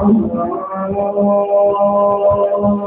Allah Allah Allah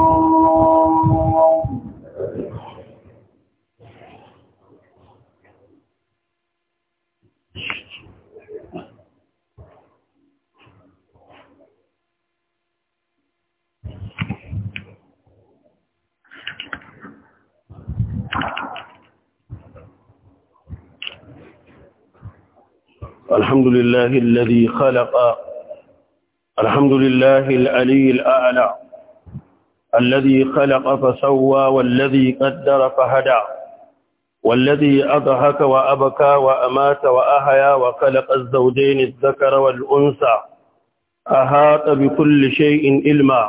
الحمد لله الذي خلق الحمد لله العلي الأعلى الذي خلق فسوى والذي قدر فهدى والذي أضحك وأبكى وأمات وأحيا وخلق الزوجين الذكر والأنثى أحاط بكل شيء علما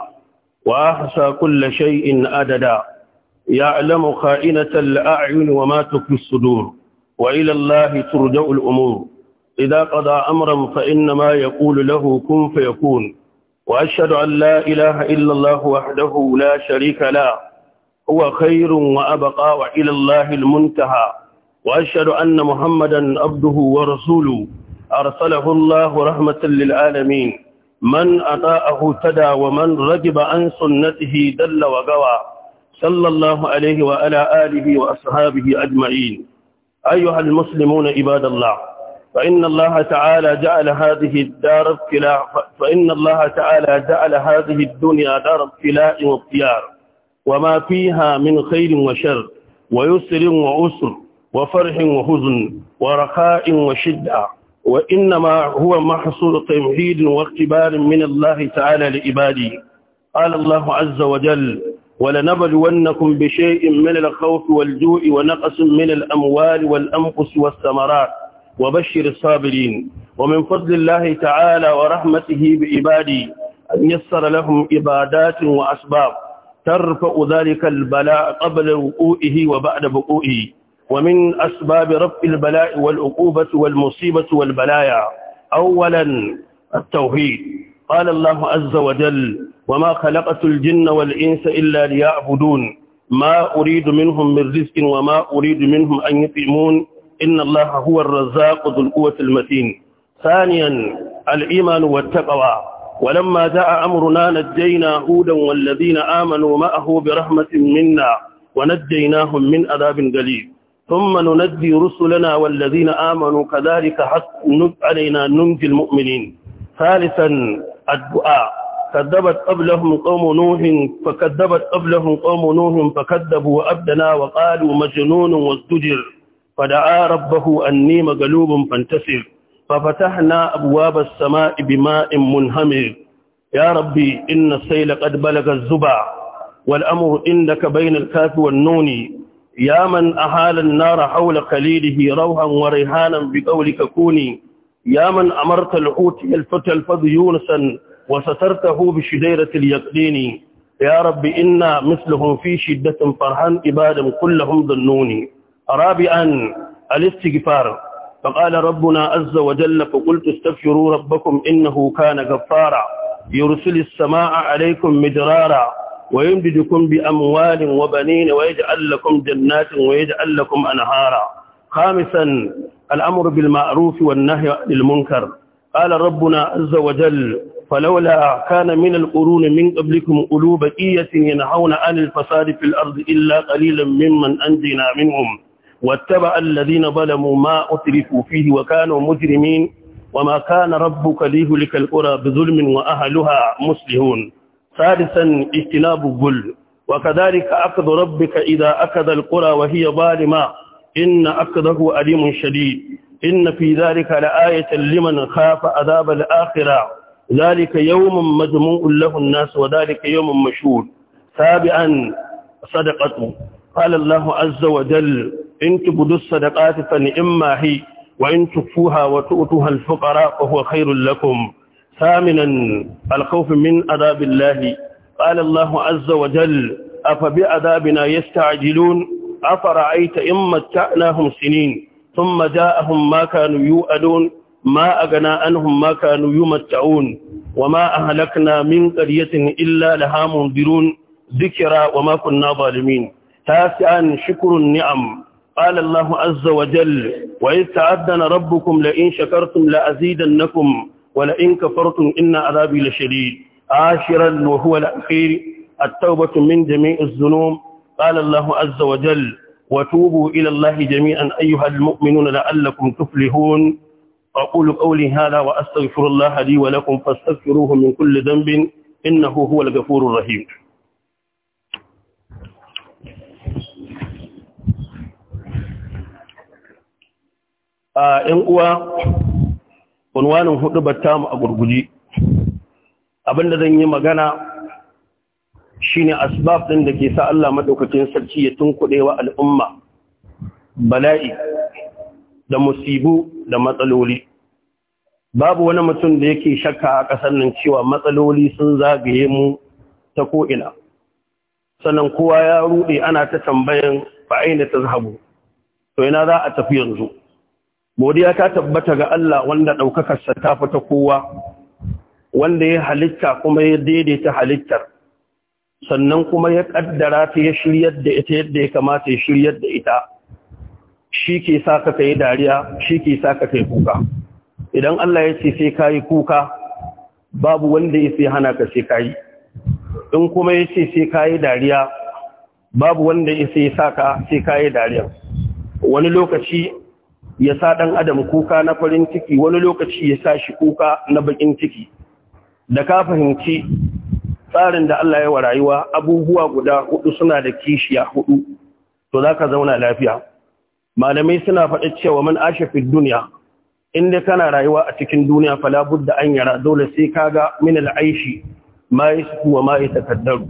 وأحصى كل شيء أددا يعلم خائنة الأعين وما تكفي الصدور وإلى الله ترجع الأمور إذا قضى أمرا فإنما يقول له كن فيكون وأشهد أن لا إله إلا الله وحده لا شريك له هو خير وأبقى وإلى الله المنتهى وأشهد أن محمدا أبده ورسوله أرسله الله رحمة للعالمين من أطاءه تدى ومن رجب عن سنته دل وقوى صلى الله عليه وعلى آله وأصحابه أجمعين أيها المسلمون عباد الله فإن الله تعالى جعل هذه الدار ابتلاء فإن الله تعالى جعل هذه الدنيا دار ابتلاء واختيار وما فيها من خير وشر ويسر وعسر وفرح وحزن ورخاء وشدة وإنما هو محصول توحيد واختبار من الله تعالى لعباده قال الله عز وجل ولنبلونكم بشيء من الخوف والجوع ونقص من الأموال والأنفس والثمرات وبشر الصابرين ومن فضل الله تعالى ورحمته بعبادي أن يسر لهم عبادات وأسباب ترفع ذلك البلاء قبل وقوئه وبعد بقوئه ومن أسباب رفع البلاء والعقوبة والمصيبة والبلايا أولا التوحيد قال الله عز وجل وما خلقت الجن والإنس إلا ليعبدون ما أريد منهم من رزق وما أريد منهم أن يطعمون إن الله هو الرزاق ذو القوة المتين ثانيا الإيمان والتقوى ولما جاء أمرنا نجينا هودا والذين آمنوا معه برحمة منا ونجيناهم من عذاب قليل ثم ننجي رسلنا والذين آمنوا كذلك حتى علينا ننجي المؤمنين ثالثا الدعاء كذبت قبلهم قوم نوح فكذبت قبلهم قوم نوح فكذبوا أبدنا وقالوا مجنون وازدجر فدعا ربه أني مغلوب فانتصر ففتحنا أبواب السماء بماء منهمر يا ربي إن السيل قد بلغ الزبع والأمر إنك بين الكاف والنون يا من أحال النار حول خليله روحا وريحانا بقولك كوني يا من أمرت الحوت الفتى الفض يونسا وسترته بشديرة اليقين يا ربي إنا مثلهم في شدة فرحان إبادا كلهم ظنوني رابعا الاستغفار فقال ربنا عز وجل فقلت استغفروا ربكم إنه كان غفارا يرسل السماء عليكم مدرارا ويمددكم بأموال وبنين ويجعل لكم جنات ويجعل لكم أنهارا خامسا الأمر بالمعروف والنهي عن المنكر قال ربنا عز وجل فلولا كان من القرون من قبلكم أولو بقية ينهون عن الفساد في الأرض إلا قليلا ممن أنجينا منهم واتبع الذين ظلموا ما أترفوا فيه وكانوا مجرمين وما كان ربك ليهلك القرى بظلم وأهلها مسلمون ثالثا اجتناب الظل وكذلك أخذ ربك إذا أخذ القرى وهي ظالمة إن أخذه أليم شديد إن في ذلك لآية لمن خاف عذاب الآخرة ذلك يوم مجموع له الناس وذلك يوم مشهود سابعا صدقته قال الله عز وجل in tubudu sadaqati fa ni'ma hi wa in tukfuha wa tu'tuha al-fuqara fa huwa khairul lakum thaminan al-khawf min adabillahi qala Allahu azza wa jalla afa bi adabina yasta'jilun ra'aita in matta'nahum sinin thumma ja'ahum ma kanu yu'adun ما أغنى عنهم ما كانوا يمتعون وما min من illa إلا لها منذرون wa وما كنا ظالمين an shukrun ni'am. قال الله عز وجل وإذ تعدنا ربكم لئن شكرتم لأزيدنكم ولئن كفرتم إن عذابي لشديد عاشرا وهو الأخير التوبة من جميع الذنوب قال الله عز وجل وتوبوا إلى الله جميعا أيها المؤمنون لعلكم تفلحون أقول قولي هذا وأستغفر الله لي ولكم فاستغفروه من كل ذنب إنه هو الغفور الرحيم a ‘yan uwa unwanin hudu batta mu a gurguji abinda zan yi magana shine asbab ɗin da ke sa Allah maɗaukacin sarki ya tunkuɗe wa al'umma bala'i da musibu da matsaloli babu wani mutum da yake shakka a ƙasar nan cewa matsaloli sun zagaye mu ta ko'ina sannan kowa ya ruɗe ana ta tambayan ba'ai da ta zahabu to yana za a tafi yanzu godiya ta tabbata ga Allah wanda ɗaukakarsa ta fi ta kowa wanda ya halitta kuma ya daidaita halittar sannan kuma ya ƙaddara ta ya shiryar da ita yadda ya kamata ya shiryar da ita shi ke sa ka kai dariya shi ke sa ka kai kuka idan Allah ya ce sai ka yi kuka babu wanda ya sai hana ka sai ka yi in kuma ya ce sai ka yi dariya babu wanda ya sai sa ka sai ka yi dariya wani lokaci ya sa ɗan adam kuka na farin ciki wani lokaci ya sa shi kuka na bakin ciki da ka fahimci tsarin da Allah ya wa rayuwa abubuwa guda hudu suna da kishiya hudu to za ka zauna lafiya malamai suna faɗa cewa man ashafin duniya inda kana rayuwa a cikin duniya fala da an yara dole sai ka ga min al'aishi ma yasku wa ma yatakaddaru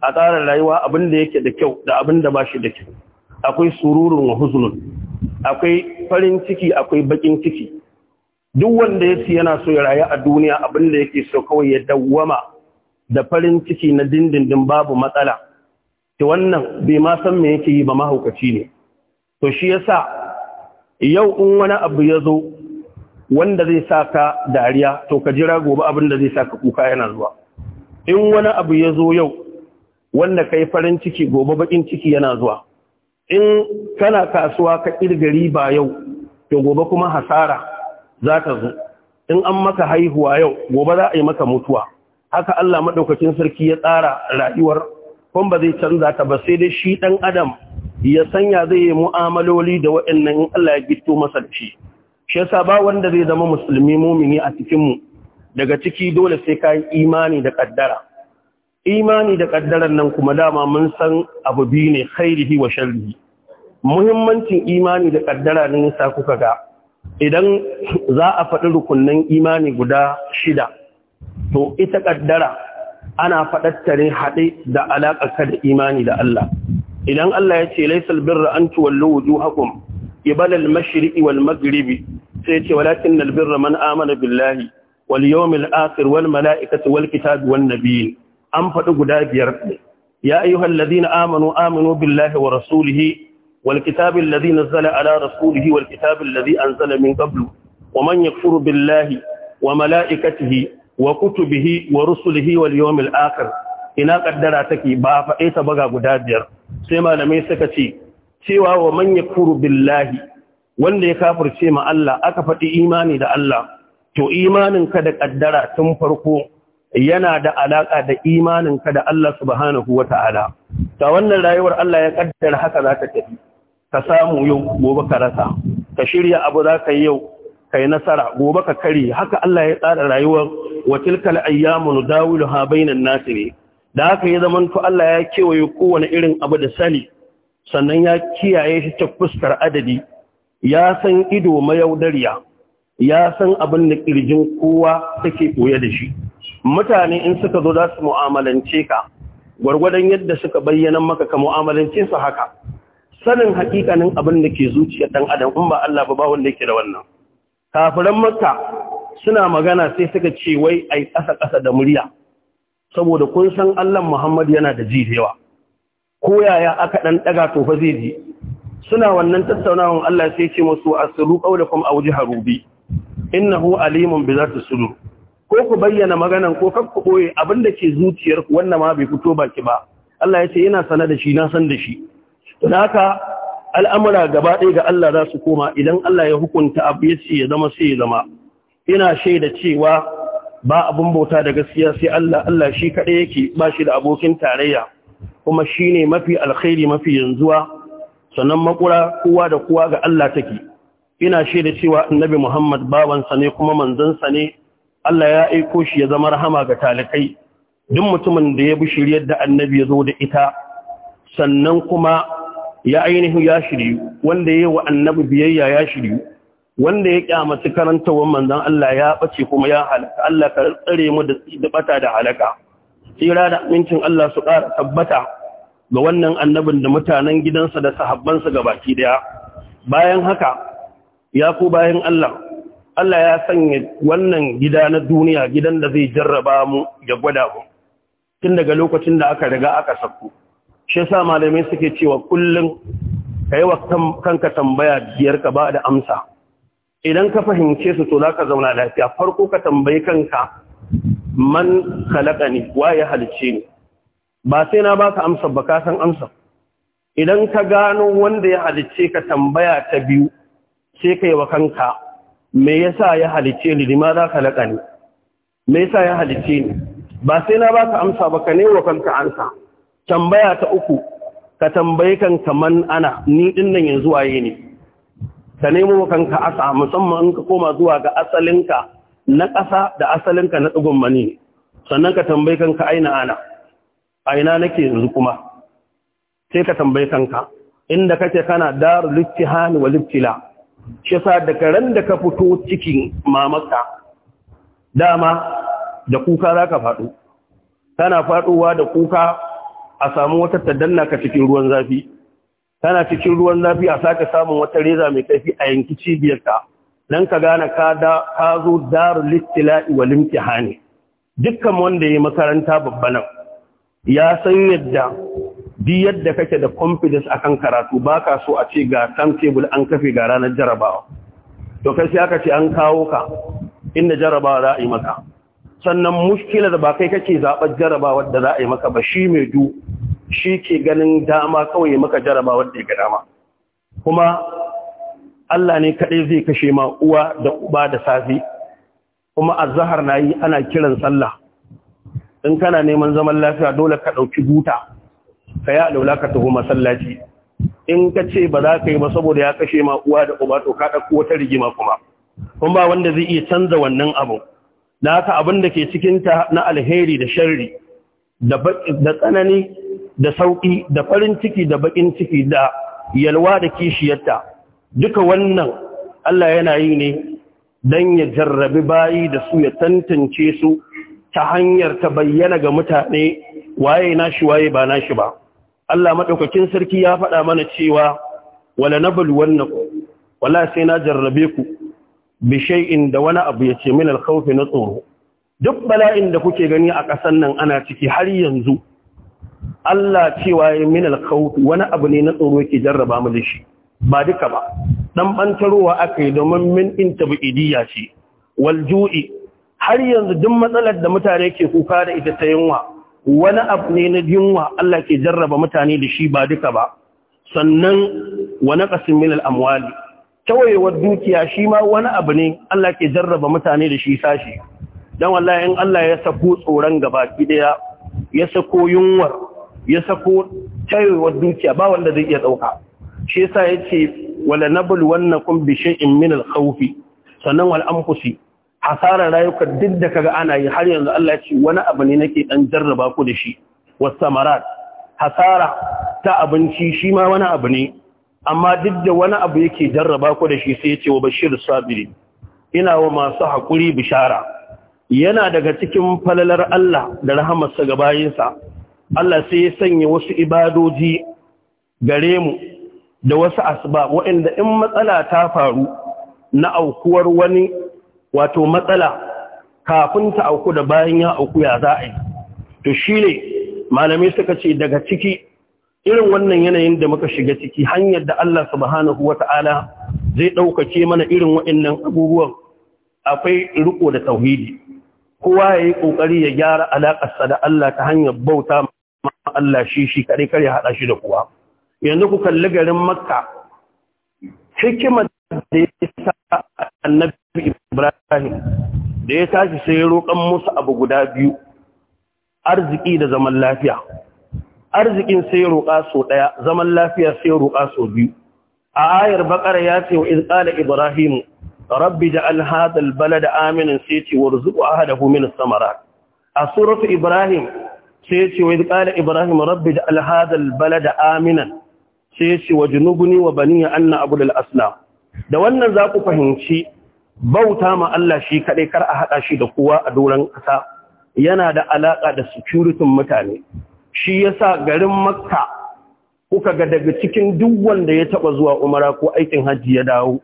a tsarin rayuwa abin da yake da kyau da abin da ba shi da kyau akwai sururun wa huzunun akwai farin ciki akwai bakin ciki duk wanda ya ce yana so ya rayu a duniya abin da yake so kawai ya dawwama da farin ciki na dindindin babu matsala ta wannan bai ma san me yake yi ba mahaukaci ne to shi yasa yau in wani abu ya zo wanda zai sa ka dariya to ka jira gobe abin da zai sa ka kuka yana zuwa in wani abu ya zo yau wanda ka farin ciki gobe bakin ciki yana zuwa in kana kasuwa ka ƙirga riba yau to gobe kuma hasara za ta zo in an maka haihuwa yau gobe za a yi maka mutuwa haka Allah maɗaukacin sarki ya tsara rayuwar kuma ba zai canza ta ba sai dai shi ɗan adam ya sanya zai yi mu'amaloli da waɗannan in Allah ya gitto masa da shi shi yasa ba wanda zai zama musulmi mumini a cikin mu daga ciki dole sai ka imani da ƙaddara imani da ƙaddarar nan kuma dama mun san abu biyu ne khairihi wa sharrihi muhimmancin imani da ƙaddara ne sa kuka ga idan za a faɗi rukunnan imani guda shida to ita ƙaddara ana faɗatta ne haɗe da alaƙarka da imani da Allah idan Allah ya ce laisal birra an tuwallu wujuhakum qibala al-mashriqi wal maghribi sai ce walakin al-birra man amana billahi wal yawmil akhir wal mala'ikati wal kitabi wan nabiyyin an faɗi guda biyar ne ya ayyuhal ladina amanu aminu billahi wa rasulihi wal kitabil ladhi ala rasulihi wal Ladi an anzala min qablu wa man yakfuru billahi wa malaikatihi wa kutubihi wa rusulihi wal yawmil akhir ina kaddara take ba faɗe ta baga guda biyar sai malamai suka ce cewa wa man yakfuru billahi wanda ya kafirce ma Allah aka faɗi imani da Allah to imanin ka da kaddara tun farko yana da alaƙa da imaninka da Allah subhanahu wa ta'ala. Ta wannan rayuwar Allah ya ƙaddar haka za ka tafi, ka samu yau gobe ka rasa, ka shirya abu za ka yi yau, ka yi nasara gobe ka kare, haka Allah ya tsara rayuwar watilkal ayyamun dawilu ha bainan nasu ne. Da haka ya zaman to Allah ya kewaye kowane irin abu da sani, sannan ya kiyaye shi ta fuskar adadi, ya san ido mayaudariya, ya san abin da ƙirjin kowa take koya da shi. mutane in suka zo za su mu'amalance ka gwargwadon yadda suka bayyana maka ka mu'amalance su haka sanin hakikanin abin da ke zuciya dan adam in ba Allah ba ba wanda yake da wannan kafiran makka suna magana sai suka ce wai ai kasa kasa da murya saboda kun san Allah Muhammad yana da ji da yawa ko yaya aka dan daga to fa zai ji suna wannan tattaunawan Allah sai ya ce musu asru qawlakum aw jaharu bi innahu alimun bi zati sudur ko ku bayyana maganan ko kar ku boye abin da ke zuciyar ku wannan ma bai fito baki ba Allah ya ce yana sana da shi na san da shi to haka al'amura gaba ɗaya ga Allah za su koma idan Allah ya hukunta abu ya ce ya zama sai ya zama ina shaida cewa ba abun bauta da gaskiya sai Allah Allah shi kaɗai yake ba shi da abokin tarayya kuma shine mafi alkhairi mafi yanzuwa sannan makura kowa da kowa ga Allah take ina shaida cewa annabi Muhammad babansa ne kuma manzansa ne Allah ya aiko shi ya zama rahama ga talikai duk mutumin da ya bi shiryar da annabi ya zo da ita sannan kuma ya ainihu ya shiryu wanda ya yi wa annabi biyayya ya shiryu wanda ya ƙyamaci karantawan manzan Allah ya bace kuma ya halaka Allah ka tsare mu da bata da halaka tsira da amincin Allah su ƙara tabbata ga wannan annabin da mutanen gidansa da sahabbansa ga baki daya bayan haka ya ku bayan Allah Allah ya sanya wannan gida na duniya gidan da zai jarraba mu ya gwada mu tun daga lokacin da aka riga aka sako shi yasa malamai suke cewa kullum kai wa kanka tambaya biyar ka ba da amsa idan ka fahimce su to zaka zauna lafiya farko ka tambayi kanka man khalaqani wa ya halice ni ba sai na baka amsa ba ka san amsa idan ka gano wanda ya halice ka tambaya ta biyu sai kai wa kanka me yasa ya halice ni limaza khalaqani me yasa ya halice ni ba sai na baka amsa ba ka ne wa kanka ansa tambaya ta uku ka tambaye kanka man ana ni din nan yanzu waye ne ka nemo kanka asa musamman in ka koma zuwa ga asalinka na ƙasa da asalinka na tsugun mani sannan ka tambaye kanka aina ana aina nake yanzu kuma sai ka tambaye kanka inda kake kana darul ittihani wal ibtila shi sa daga ran da ka fito cikin mamaka dama da kuka za ka faɗo tana faɗowa da kuka a samu wata tadanna ka cikin ruwan zafi tana cikin ruwan zafi a sake samun wata reza mai kaifi a yanki cibiyarta nan ka gane ka da ka zo darul listila'i wal imtihani dukkan wanda ya makaranta babba ya san yadda di yadda kake da confidence akan karatu baka so a ce ga timetable an kafe ga ranar jarabawa to kai sai aka ce an kawo ka inda jarabawa za a yi maka sannan mushkila da ba kai kake zaɓar jarabawar da za a yi maka ba shi mai du shi ke ganin dama kawai maka jarabawar da ya ga dama kuma Allah ne kaɗai zai kashe ma uwa da uba da safe. kuma azahar na yi ana kiran sallah in kana neman zaman lafiya dole ka ɗauki buta ka ya laula ka taho masallaci in ka ce ba za ka yi ba saboda ya kashe ma uwa da uba to ka ɗauko wata rigima kuma kun ba wanda zai iya canza wannan abu da haka abin da ke cikinta na alheri da sharri da tsanani da sauƙi da farin ciki da baƙin ciki da yalwa da kishiyarta duka wannan Allah yana yi ne don ya jarrabi bayi da su ya tantance su ta hanyar ta bayyana ga mutane waye nashi waye ba nashi ba Allah maɗaukakin sarki ya faɗa mana cewa wala ku? wala sai na jarrabe ku bi shay'in da wani abu yace min al na tsoro duk bala'in da kuke gani a ƙasar nan ana ciki har yanzu Allah cewa ya min al wani abu ne na tsoro yake jarraba mu da shi ba duka ba dan bantarowa akai domin min intabidiyya ce wal ju'i har yanzu duk matsalar da mutane ke kuka da ita ta yunwa wani abu ne na yunwa Allah ke jarraba mutane da shi ba duka ba sannan wani ƙasin milal amwali tawayewar dukiya shi ma wani abu ne Allah ke jarraba mutane da shi sashi don wallahi in Allah ya sako tsoron gaba ɗaya, ya sako yunwar ya sako tawayewar dukiya ba wanda zai iya ɗauka shi yasa yace wala nablu wannan bi shay'in in al-khawfi sannan wal amfusi. hasarar rayuka duk da kaga ana yi har yanzu Allah ce wani abu ne nake dan jarraba ku da shi wasamarat hasara ta abinci shi ma wani abu ne amma duk da wani abu yake jarraba ku da shi sai ya ce wa bashir sabiri ina wa masu hakuri bishara yana daga cikin falalar Allah da rahamarsa ga bayinsa Allah sai ya sanya wasu ibadoji gare mu da wasu asbab waɗanda in matsala ta faru na aukuwar wani wato matsala kafin ta auku da bayan ya auku ya za a yi to shi ne malamai suka ce daga ciki irin wannan yanayin da muka shiga ciki hanyar da Allah subhanahu Ta'ala zai ɗaukace mana irin waɗannan abubuwan akwai riko da tauhidi kowa ya yi ƙoƙari ya gyara alaƙarsa da Allah ta hanyar bauta Allah shi shi kare kare haɗa shi da kuwa. Yanzu ku kalli garin Makka, hikimar da ya sa annabi Ibrahim da ya tashi sai ya roƙan musu abu guda biyu arziki da zaman lafiya arzikin sai ya roƙa so ɗaya zaman lafiya sai ya roƙa so biyu a ayar bakara ya ce wa izqala ibrahim rabbi Alhazal bala da aminan sai ce warzuq a hada as-samarat a suratu ibrahim sai ce wa izqala ibrahim rabbi Alhazal bala da aminan sai ce wajnubni wa bani an na'budu al-asnam da wannan za ku fahimci bauta ma Allah shi kaɗai kar a haɗa shi da kowa a doron ƙasa yana da alaƙa da securitin mutane shi ya sa garin makka kuka ga daga cikin duk wanda ya taɓa zuwa umara ko aikin hajji ya dawo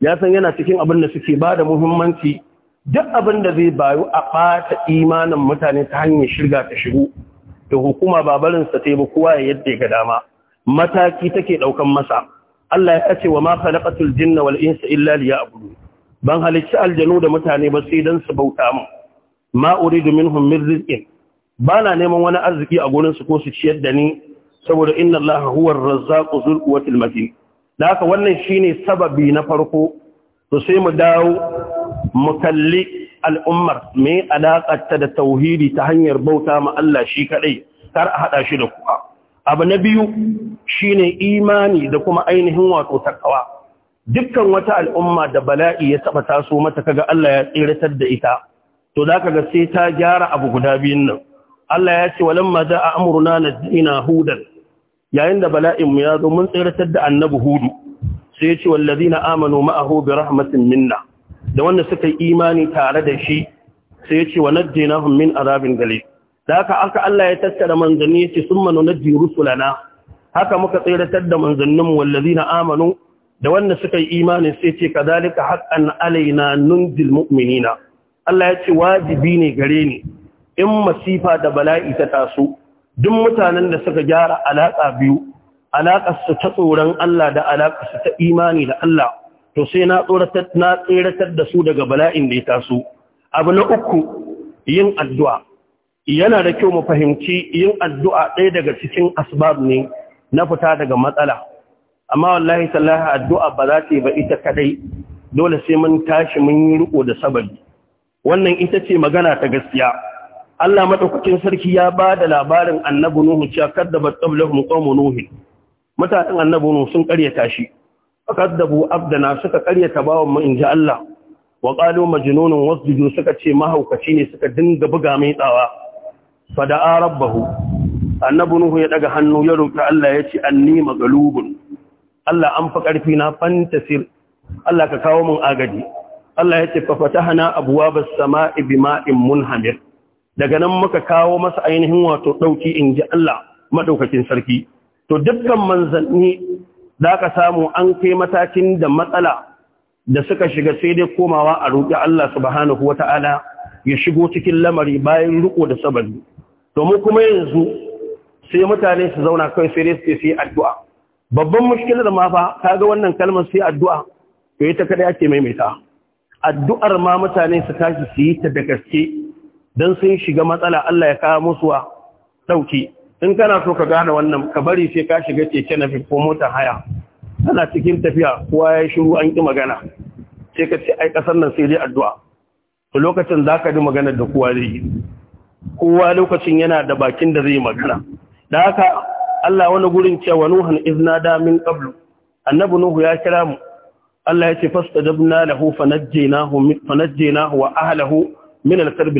ya san yana cikin abin da suke ba da muhimmanci duk abin da zai bayu a ɓata imanin mutane ta hanyar shirga ta shigo da hukuma babarinsa ta yi kowa ya yadda ga dama mataki take ɗaukan masa Allah ya ce wa ma khalaqatul jinna wal insa illa liya'budun ban halicci aljanu da mutane ba sai dan su bauta mu ma uridu minhum min rizqin bana neman wani arziki a gurin su ko su ciyar da ni saboda inna allaha huwar arrazzaqu dhul quwwatil matin da haka wannan shine sababi na farko to sai mu dawo mu kalli al'ummar mai alaƙarta da tauhidi ta hanyar bauta ma Allah shi kaɗai, kar a haɗa shi da kuwa. Abu na biyu shine imani da kuma ainihin wato takawa. dukkan wata al'umma da bala'i ya taɓa taso mata kaga Allah ya tsiratar da ita to za ka ga sai ta gyara abu guda biyun nan Allah ya ce walamma za a amurna na dina hudar. yayin da bala'inmu ya zo mun tsiratar da annabi hudu sai ya ce wallazina amanu ma'ahu bi rahmatin minna da wanda suka yi imani tare da shi sai ya ce wa najjaynahum min azabin gale. da haka aka Allah ya tattara manzanni ya ce sun manu na rusulana haka muka tsiratar da manzanninmu wallazi na amanu da wanda suka yi imanin sai ce kazalika haqqan alaina nunzil mu'minina Allah ya ce wajibi ne gare ni in masifa da bala'i ta taso duk mutanen da suka gyara alaka biyu alakar su ta tsoron Allah da alakar su ta imani da Allah to sai na tsoratar na tseratar da su daga bala'in da ya taso abu na uku yin addu'a yana da kyau mu fahimci yin addu'a ɗaya daga cikin asbab ne na fita daga matsala amma wallahi sallaha addu'a ba za ta yi ba ita kadai dole sai mun tashi mun yi riko da sabari wannan ita ce magana ta gaskiya Allah madaukakin sarki ya ba da labarin annabi Nuhu cewa kaddaba qablahum qawmu Nuh mutanen annabi Nuhu sun karyata shi kaddabu abdana suka karyata bawon mu inji Allah wa qalu majnunun wasjudu suka ce mahaukaci ne suka dinga buga mai tsawa fada rabbahu annabi Nuhu ya daga hannu ya roki Allah ya ce anni maghlubun Allah an fi ƙarfi na fantasir Allah ka kawo mun agaji Allah ya ce fa fatahna abwabas sama'i mun munhamir daga nan muka kawo masa ainihin wato in ji Allah madaukakin sarki to dukkan manzanni za ka samu an kai matakin da matsala da suka shiga sai dai komawa a roƙi Allah subhanahu ta'ala ya shigo cikin lamari bayan riko da sabari to mu kuma yanzu sai mutane su zauna kai sai dai su addu'a babban mushkilar ma fa kaga wannan kalmar sai addu'a to ita kada ake maimaita addu'ar ma mutane su tashi su yi ta da gaske dan sun shiga matsala Allah ya kawo musu dauki in kana so ka gane wannan ka bari sai ka shiga keke na ko motar haya ana cikin tafiya kowa ya shiru an ki magana sai ka ce ai kasar nan sai dai addu'a to lokacin zaka ji magana da kowa zai yi kowa lokacin yana da bakin da zai yi magana da haka Allah wani gurin cewa Nuhan iznada min ƙablu. annabi Nuhu ya kira mu Allah ya ce fastajabna lahu fanajjaynahu wa ahlihi min al-karb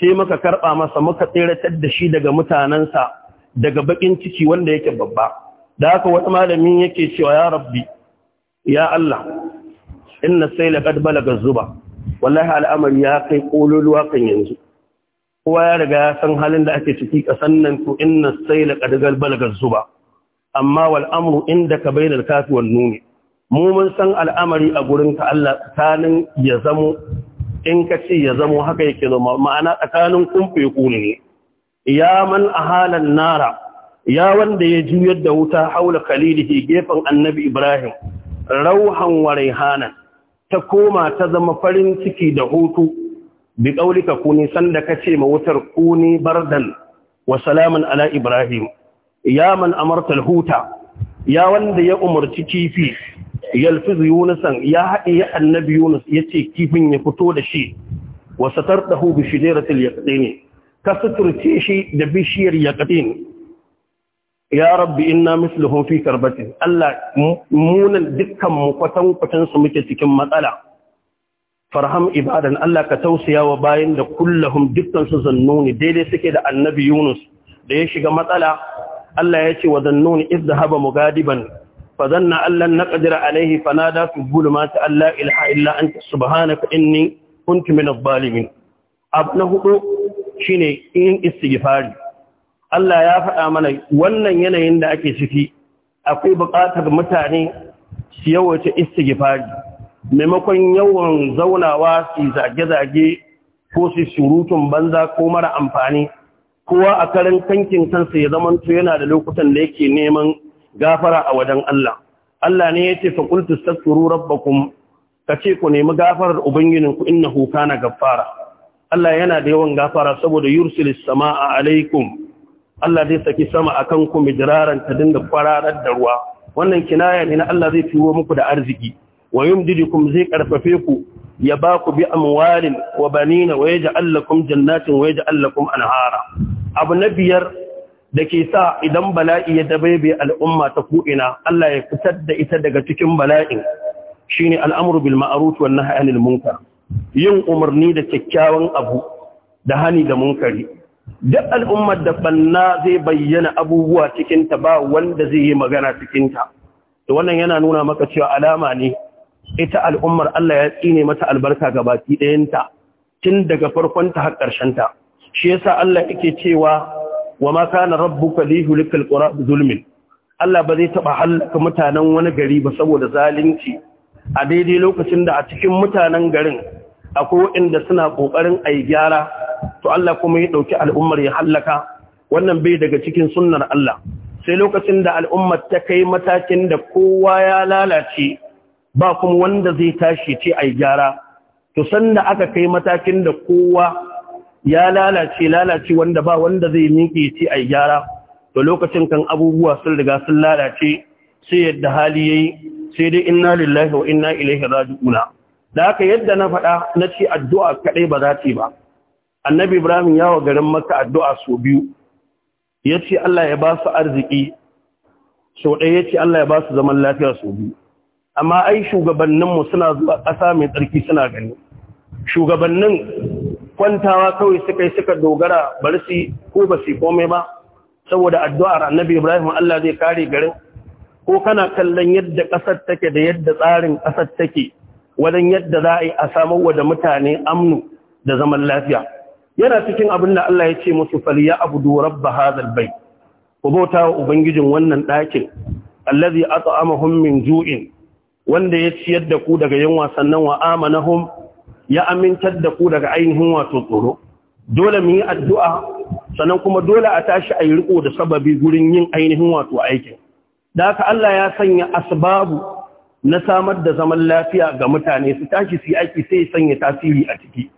sai muka karba masa muka tseratar da shi daga mutanansa daga bakin ciki wanda yake babba da haka wani malamin yake cewa ya rabbi ya Allah inna sayla qad balaga zuba wallahi al'amari ya kai kololuwa kan yanzu kowa ya riga ya san halin da ake ciki kasan nan to inna la qad galbalaga zuba amma wal amru indaka bainal kafi wan nun mu mun san al'amari a gurin ka Allah tsakanin ya zamo in ka ce ya zamo haka yake zo ma'ana tsakanin kumfe kuni ne ya man ahalan nara ya wanda ya juyar da wuta haula khalilihi gefen annabi ibrahim rauhan wa raihanan ta koma ta zama farin ciki da hutu bi qaulika kuni sanda kace ma wutar kuni bardan wa salaman ala ibrahim ya man amartar huta. ya wanda ya umarci kifi yalfiz yunusan ya haɗe ya annabi yunus ya ce kifin ya fito da shi wa satardahu bi shijaratil yaqdini ka suturce shi da bishiyar yaqdini ya rabbi inna misluhum fi karbatin Allah munan dukkan mu kwatan kwatan su muke cikin matsala farham ibadan Allah ka tausaya wa bayan da kullahum dukkan zannuni daidai suke da annabi Yunus da ya shiga matsala Allah ya ce wa zannuni izhaba mugadiban fa zanna allan naqdir alaihi fanada fi zulumat Allah ilaha illa anta subhanaka inni kuntu min adh-dhalimin abu hudu shine in istighfari Allah ya faɗa mana wannan yanayin da ake ciki akwai buƙatar mutane su yawaita istighfari maimakon yawan zaunawa su zage-zage ko su surutun banza ko mara amfani kowa a karin kankin kansa ya zamanto yana da lokutan da yake neman gafara a wajen Allah Allah ne ya ce fa qultu astaghfiru rabbakum ce ku nemi gafarar ubangijinku innahu kana gaffara Allah yana da yawan gafara saboda yursilis samaa alaikum Allah zai saki sama akan ku mijraran ta dinga kwararar da ruwa wannan kinaya ne na Allah zai fiwo muku da arziki wa yumdidukum zai karfafe ku ya ba ku bi amwalin wa banina wa yaj'al lakum jannatin wa yaj'al lakum anhara abu na biyar da ke sa idan bala'i ya dabaibe al'umma ta ko'ina Allah ya fitar da ita daga cikin bala'in shine al'amru bil ma'ruf wan nahyi anil munkar yin umarni da kyakkyawan abu da hani da munkari duk al'ummar da banna zai bayyana abubuwa cikinta ba wanda zai yi magana cikinta. ta wannan yana nuna maka cewa alama ne ita al'ummar Allah ya tsine mata albarka ga baki ɗayanta tun daga farkonta har ta. shi yasa Allah yake cewa wa ma kana rabbuka likal qura zulmin Allah ba zai taɓa halaka mutanen wani gari ba saboda zalunci a daidai lokacin da a cikin mutanen garin akwai inda suna kokarin ayi gyara to Allah kuma ya ɗauki al'ummar ya halaka wannan bai daga cikin sunnar Allah sai lokacin da al'ummar ta kai matakin da kowa ya lalace ba kuma wanda zai tashi ce ai gyara to sanda aka kai matakin da kowa ya lalace lalace wanda ba wanda zai miƙe ce ai gyara to lokacin kan abubuwa sun riga sun lalace sai yadda hali yayi sai dai inna lillahi wa inna ilaihi raji'un da aka yadda na faɗa na ce addu'a kaɗai ba za ta ba annabi ibrahim ya wa garin maka addu'a so biyu ya allah ya ba su arziki so ɗaya yace allah ya ba su zaman lafiya so biyu amma ai shugabanninmu suna zuwa ƙasa mai tsarki suna gani shugabannin kwantawa kawai suka yi suka dogara bari ko ba su komai ba saboda addu'ar annabi ibrahim allah zai kare garin ko kana kallon yadda ƙasar take da yadda tsarin ƙasar take wajen yadda za a yi a samar wa da mutane amnu da zaman lafiya yana cikin abin da allah ya ce musu faliya abu dorar bahazar bai ku bauta wa ubangijin wannan ɗakin allazi at'amahum min ju'in wanda ya ciyar da ku daga yunwa sannan wa amanahum ya amintar da ku daga ainihin wato tsoro dole mu yi addu'a sannan kuma dole a tashi a yi riko da sababi gurin yin ainihin wato aikin da haka Allah ya sanya asbabu na samar da zaman lafiya ga mutane su tashi su yi aiki sai sanya tasiri a ciki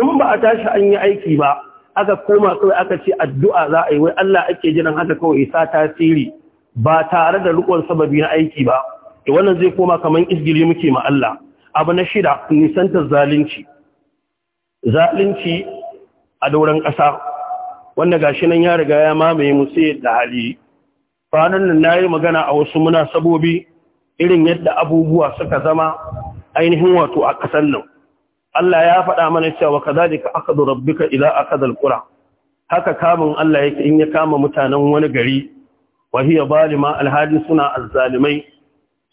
in ba a tashi an yi aiki ba aka koma kawai aka ce addu'a za a yi wai Allah ake jiran haka kawai isa tasiri ba tare da rikon sababi na aiki ba to wannan zai koma kaman isgili muke ma Allah abu na shida nisantar zalunci zalunci a dauran ƙasa wanda gashi nan ya riga ya mamaye mu sai da hali fanan nan nayi magana a wasu muna sabobi irin yadda abubuwa suka zama ainihin wato a ƙasar nan Allah ya faɗa mana cewa kadhalika akadu rabbika ila akadal qura haka kamun Allah yake in ya kama mutanen wani gari wahiya balima alhadi suna azzalimai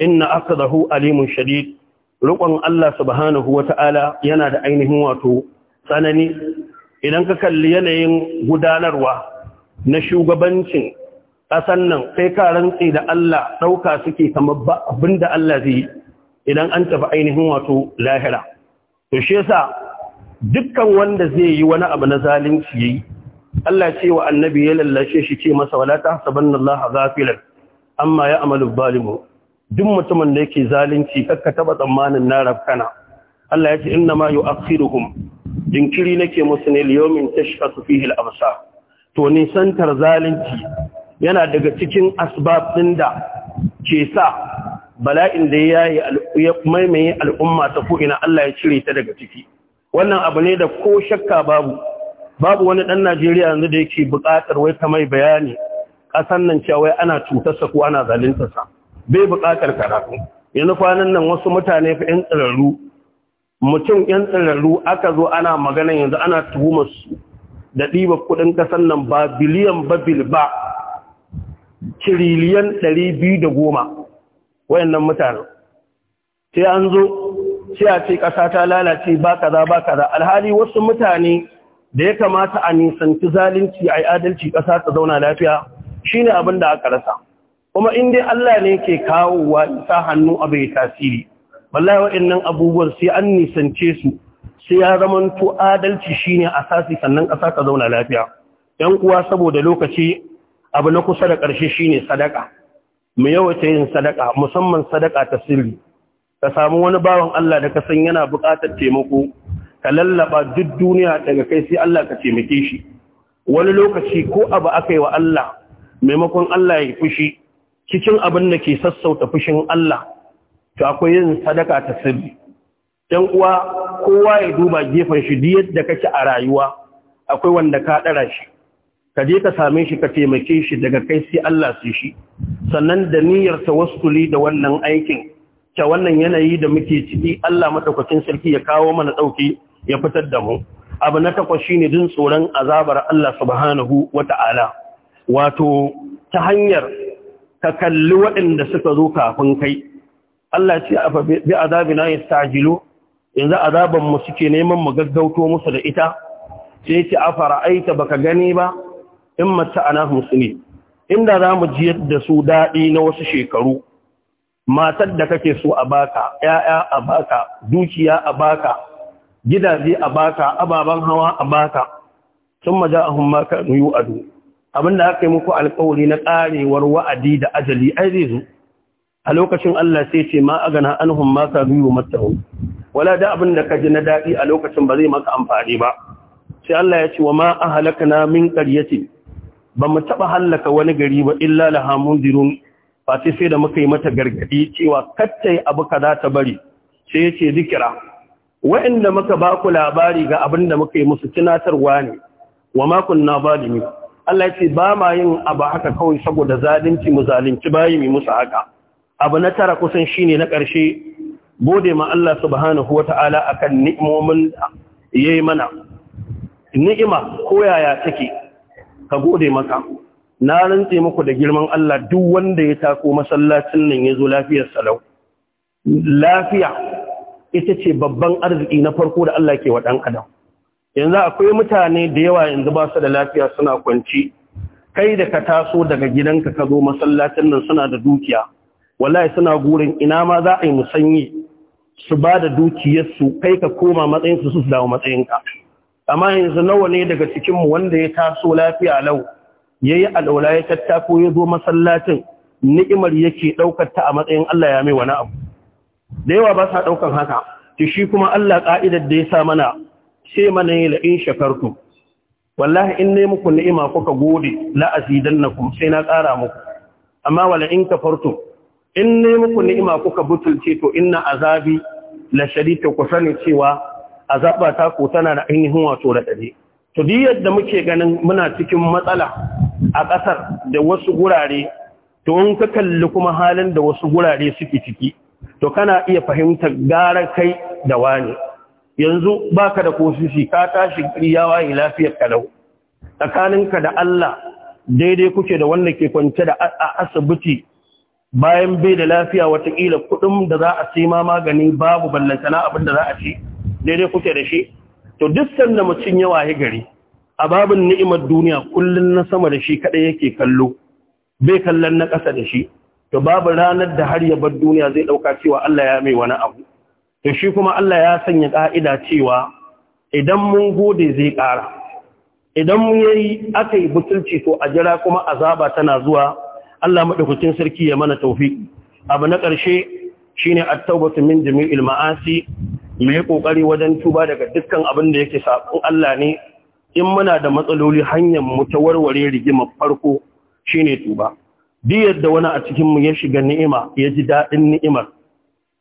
inna akadahu alimun shadid rukun Allah subhanahu wata'ala yana da ainihin wato tsanani idan ka kalli yanayin gudanarwa na shugabancin ƙasar nan sai ka rantsi da Allah ɗauka suke kamar ba abinda Allah zai yi idan an tafi ainihin wato lahira to shi yasa dukkan wanda zai yi wani abu na zalunci yayi Allah ce wa annabi ya lallashe shi ce masa wala tahsabanna Allah ghafilan amma ya amalu zalimu duk mutumin da yake zalunci ka taba tsammanin na rafkana Allah ya ce inna ma yu'akhiruhum jinkiri nake musu ne liyomin tashqasu fihi al-absar to nisantar zalunci yana daga cikin asbab din da ke sa bala'in da yayi ya maimaye al'umma ta ko ina Allah ya cire ta daga ciki wannan abu ne da ko shakka babu babu wani dan Najeriya yanzu da yake buƙatar wai ta mai bayani ƙasar nan cewa ana cutarsa ko ana zaluntarsa. bai buƙatar karatu yanzu kwanan nan wasu mutane fa yan tsirarru mutum yan tsirarru aka zo ana magana yanzu ana tuhumar su da ɗiba kuɗin ƙasar nan ba biliyan ba bilba tiriliyan ɗari biyu da goma wayannan mutane sai an zo sai a ce ƙasa ta lalace ba kaza ba kaza alhali wasu mutane da ya kamata a nisanci zalunci a yi adalci ƙasa ta zauna lafiya shine abin da aka rasa kuma in dai Allah ne ke kawowa isa hannu abu ya tasiri wallahi waɗannan abubuwan sai an nisance su sai ya zamanto adalci shine asasi sannan ƙasa ta zauna lafiya yan uwa saboda lokaci abu na kusa da ƙarshe shine sadaka mu yawaita yin sadaka musamman sadaka ta sirri ka samu wani bawan Allah da ka san yana buƙatar taimako ka lallaba duk duniya daga kai sai Allah ka taimake shi wani lokaci ko abu aka yi wa Allah maimakon Allah ya fushi cikin abin da ke sassauta fushin Allah to akwai yin sadaka ta sirri dan uwa kowa ya duba gefen shi duk yadda kake a rayuwa akwai wanda ka ɗara shi ka je ka same shi ka taimake shi daga kai sai Allah sai shi sannan da niyyar tawassuli da wannan aikin ta wannan yanayi da muke ciki Allah madaukakin sarki ya kawo mana dauki ya fitar da mu abu na takwas shine jin tsoron azabar Allah subhanahu wata'ala wato ta hanyar ka kalli waɗanda suka zo kafin kai Allah ce a na azabina yastajilu yanzu azaban mu suke neman mu gaggauto musu da ita sai ce fara'aita aita ka gani ba in mata musu ne. inda za mu ji da su daɗi na wasu shekaru matar da kake so a baka yaya a baka dukiya a baka gidaje a baka ababen hawa a baka sun maja hun maka duk. Abin da aka yi muku alkawari na karewar wa'adi da ajali ai zai zo a lokacin Allah sai ce ma agana anhum ma ka biyu mattahu wala da abin da ka ji na daɗi a lokacin ba zai maka amfani ba sai Allah ya ce wa ma a na min karyace ba mu taɓa hallaka wani gari ba illa hamun mundirun fati sai da muka yi mata gargaɗi cewa kattai abu ka za ta bari sai ya ce zikira wa'inda muka ba ku labari ga abin da muka yi musu tunatarwa ne wa ma kunna zalimi Allah ya ce ba ma yin abu haka kawai saboda zalunci mu zalunci bayi mu musu haka abu na tara kusan shine na ƙarshe gode ma Allah subhanahu wata'ala akan ni'imomin yayi mana ni'ima ko yaya take ka gode maka na rantse muku da girman Allah duk wanda ya tako masallacin nan yazo lafiyar salau lafiya ita ce babban arziki na farko da Allah ke wa dan adam yanzu akwai mutane da yawa yanzu ba su da lafiya suna kwanci kai da ka taso daga gidanka ka zo masallacin nan suna da dukiya wallahi suna gurin ina ma za a yi musanyi su ba da dukiyarsu kai ka koma matsayin su su dawo matsayinka amma yanzu nawa ne daga cikin mu wanda ya taso lafiya lau yayi alaula ya tattako ya zo masallacin ni'imar yake daukar ta a matsayin Allah ya mai wani abu da yawa ba sa daukan haka to shi kuma Allah ka'idar da ya sa mana ce mana yi la'in shakartu wallahi in ne muku ni'ima kuka gode la azidannakum sai na ƙara muku amma wala in ka farto, in ne muku ni'ima kuka butulce to inna azabi la shadita ku sani cewa azaba ta ku tana da ainihin wato da to di yadda muke ganin muna cikin matsala a ƙasar da wasu gurare to in ka kalli kuma halin da wasu gurare suke ciki to kana iya fahimtar gara kai da wani yanzu baka da kofifi ka tashi gari ya waye lafiyar kalau tsakaninka da Allah daidai kuke da wanda ke kwance da a asibiti bayan bai da lafiya watakila kudin da za a sai ma magani babu ballantana abin da za a ci daidai kuke da shi to duk sanda mutum ya waye gari a babin ni'imar duniya kullun na sama da shi kada yake kallo bai kallon na ƙasa da shi to babu ranar da har ya bar duniya zai ɗauka cewa Allah ya mai wani abu to shi kuma Allah ya sanya ƙa'ida cewa idan mun gode zai ƙara idan mun yayi aka yi butulci to a jira kuma azaba tana zuwa Allah madaukakin sarki ya mana taufi. abu na ƙarshe shi ne a taubatu min jami'il ilma'asi mai ƙoƙari wajen tuba daga dukkan abin da yake saƙon Allah ne in muna da matsaloli hanyar mu ta warware rigimar farko ne tuba duk yadda wani a cikinmu ya shiga ni'ima ya ji daɗin ni'imar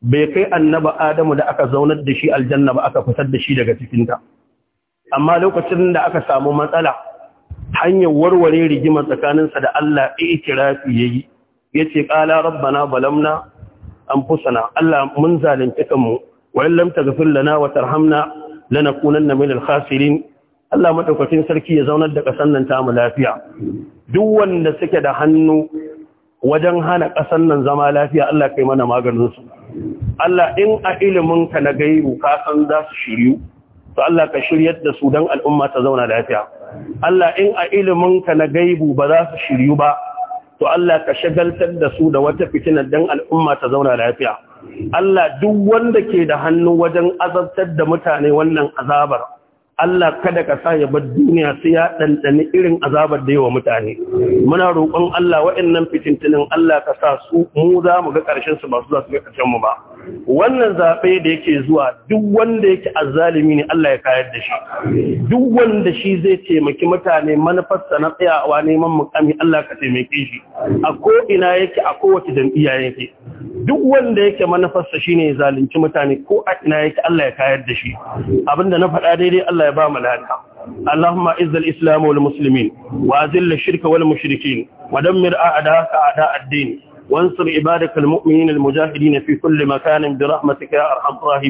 bai kai annaba Adamu da aka zaunar da shi aljanna ba aka fitar da shi daga cikinta. Amma lokacin da aka samu matsala, hanyar warware rigima tsakaninsa da Allah ikirafi ya yi, ya ce, Ƙala rabbana balamna an fusana, Allah mun zalunci kanmu, wa in lamta gafin lana wa tarhamna lana kunan na khasirin, Allah maɗaukacin sarki ya zaunar da ƙasar nan tamu lafiya. Duk wanda suke da hannu wajen hana ƙasar nan zama lafiya Allah kai mana maganinsu. Allah in a ilimin ka na gairu kasan san za su shiryu to Allah ka shiryar da su don al'umma ta zauna lafiya Allah in a iliminka ka na gaibu ba za su shiryu ba to Allah ka shagaltar da su da wata fitinar don al'umma ta zauna lafiya Allah duk wanda ke da hannu wajen azabtar da mutane wannan azabar Allah kada ka sa ya bar duniya sai ya ɗanɗani irin azabar da yawa mutane. Muna roƙon Allah waɗannan fitintunin Allah ka sa su mu za mu ga ƙarshen su ba su za su ga ƙarshen mu ba. Wannan zaɓe da yake zuwa duk wanda yake azzalimi ne Allah ya kayar da shi. Duk wanda shi zai taimaki mutane manufarsa na tsayawa neman mukami Allah ka taimake shi. A ko ina yake a kowace jam'iyya yake. Duk wanda yake manufarsa shine ya zalunci mutane ko a ina yake Allah ya kayar da shi. Abinda na faɗa daidai Allah ya ba mu lada Allahumma izzal islamu wal muslimin wa azil ash-shirka wal mushrikin wa dammir a'da'aka a'da'ad-din wa ansur ibadakal mu'minina al-mujahidin fi kulli makanin bi rahmatika ya arhamar